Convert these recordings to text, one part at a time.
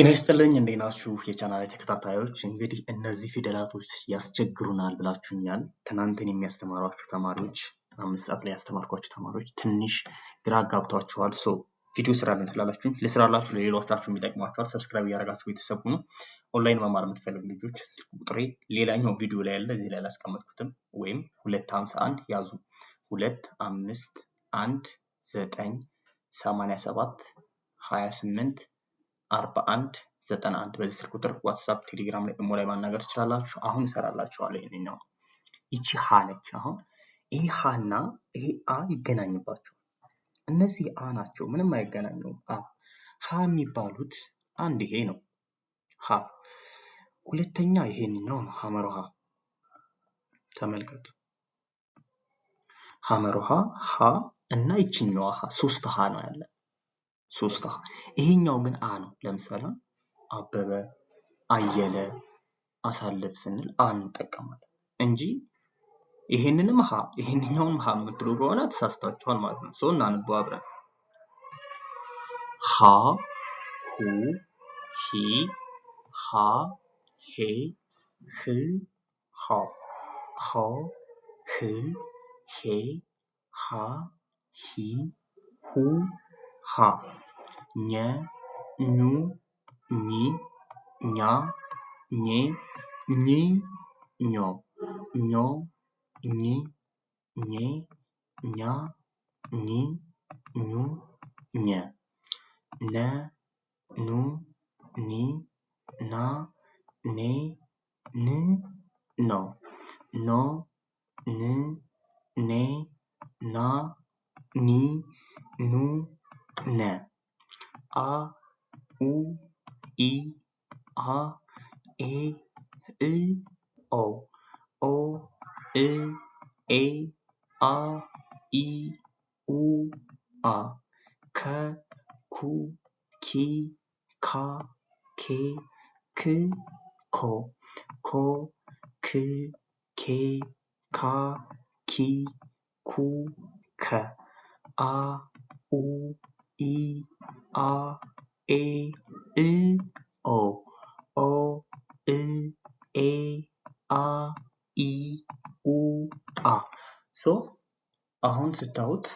ጤና ይስጥልኝ እንዴት ናችሁ? የቻናል ተከታታዮች እንግዲህ እነዚህ ፊደላቶች ያስቸግሩናል ብላችሁኛል። ትናንትን የሚያስተማሯችሁ ተማሪዎች አምስት ሰዓት ላይ ያስተማርኳችሁ ተማሪዎች ትንሽ ግራ አጋብቷችኋል። ሶ ቪዲዮ ስራ ነው ስላላችሁ ልስራላችሁ ለሌሎቻችሁ የሚጠቅሟችኋል። ሰብስክራይብ እያደረጋችሁ ቤተሰብ ነው ኦንላይን መማር የምትፈልጉ ልጆች ስልክ ቁጥሬ ሌላኛው ቪዲዮ ላይ ያለ እዚህ ላይ ላስቀመጥኩትም ወይም ሁለት ሀምሳ አንድ ያዙ ሁለት አምስት አንድ ዘጠኝ ሰማኒያ ሰባት ሀያ ስምንት 41 91 በዚህ ስልክ ቁጥር ዋትሳፕ፣ ቴሌግራም ላይ ኢሞ ላይ ማናገር ትችላላችሁ። አሁን እሰራላችኋለሁ ነው። ይቺ ሃ ነች። አሁን ይሄ ሃና ይሄ አ ይገናኝባቸው። እነዚህ አ ናቸው፣ ምንም አይገናኙም። አ ሃ የሚባሉት አንድ ይሄ ነው ሀ፣ ሁለተኛ ይሄንኛው ነው ሀመር ውሃ። ተመልከቱ ሀመር ውሃ ሀ እና ይችኛዋ ሃ ሶስት ሀ ነው ያለን ሶስት ሀ ይሄኛው ግን አ ነው። ለምሳሌ አበበ፣ አየለ፣ አሳለፍ ስንል አ እንጠቀማለን እንጂ ይሄንንም ሀ ይሄንኛውም ሀ የምትሉ ከሆነ ተሳስታችኋል ማለት ነው። ሰው እናንበው አብረን ሀ ሁ ሂ ሃ ሄ ህ ሃ ሀ ህ ሄ ሃ ሂ ሁ ሃ ኘ ኙ ኚ ኛ ኜ ኝ ኞ ኞ ኝ ኜ ኛ ኝ ኙ ኘ ነ ኑ ኒ ና ኔ ን ኖ ኖ ን ኔ ና ኒ ኑ ነ a, u, i, a, e, y, o. O, y, e, a, i, u, a. K, ku, ki, ka, ke, k, ko. Ko, k, ke, ka, ki, ku, ka. A, u, i, a, e, l, o, o, l, e, a, i u a ሶ አሁን ስታዩት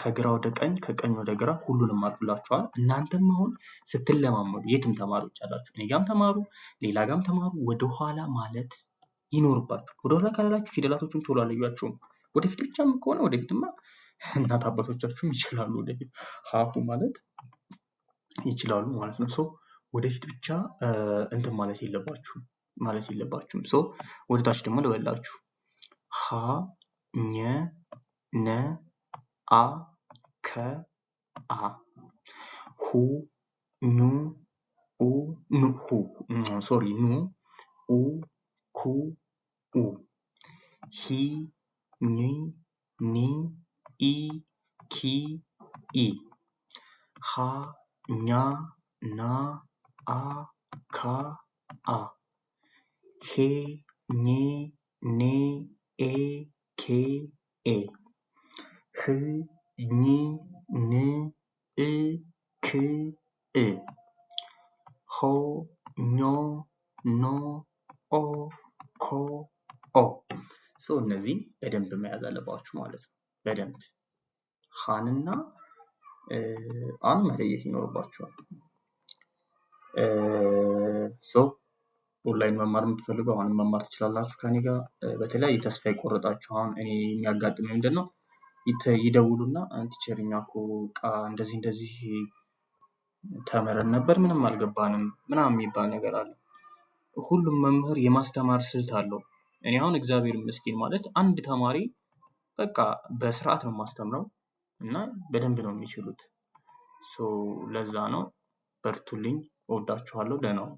ከግራ ወደ ቀኝ ከቀኝ ወደ ግራ ሁሉንም አድርጉላችኋል። እናንተም አሁን ስትለማመዱ የትም ተማሪዎች አላችሁ፣ እኔ ጋም ተማሩ፣ ሌላ ጋም ተማሩ፣ ወደኋላ ማለት ይኖርባችሁ። ወደኋላ ካላላችሁ ፊደላቶቹን ቶሎ አለያችሁም። ወደፊት ብቻም ከሆነ ወደፊትማ እናት አባቶቻችሁም ይችላሉ። ወደፊት ሀሁ ማለት ይችላሉ ማለት ነው። ሰው ወደፊት ብቻ እንትን ማለት የለባችሁ ማለት የለባችሁም። ሰው ወደ ታች ደግሞ ልበላችሁ ሀ ኘ ነ አ ከ አ ሁ ኑ ኡ ኑ ሁ ሶሪ ኑ ኡ ኩ ኡ ሂ ኒ ኒ i, ki, i. Ha, nya, na, a, ka, a. He, ne ne, e, ke, e. H, ni, ne, e, k, e. Ho, nyo, no, o, ko, o. ሶ እነዚህን በደንብ መያዝ አለባችሁ ማለት ነው። በደንብ ሀንና አን መለየት ይኖርባቸዋል። ሰው ኦንላይን መማር የምትፈልጉ አሁንም መማር ትችላላችሁ ከኔ ጋር። በተለያየ ተስፋ የቆረጣችሁ አሁን እኔ የሚያጋጥመ ምንድን ነው ይደውሉና ቲቸር እኛ ቃ እንደዚህ እንደዚህ ተምረን ነበር ምንም አልገባንም ምናም የሚባል ነገር አለ። ሁሉም መምህር የማስተማር ስልት አለው። እኔ አሁን እግዚአብሔር ምስኪን ማለት አንድ ተማሪ በቃ በስርዓት ነው የማስተምረው እና በደንብ ነው የሚችሉት። ለዛ ነው በርቱልኝ እወዳችኋለሁ ደህና ሁኑ።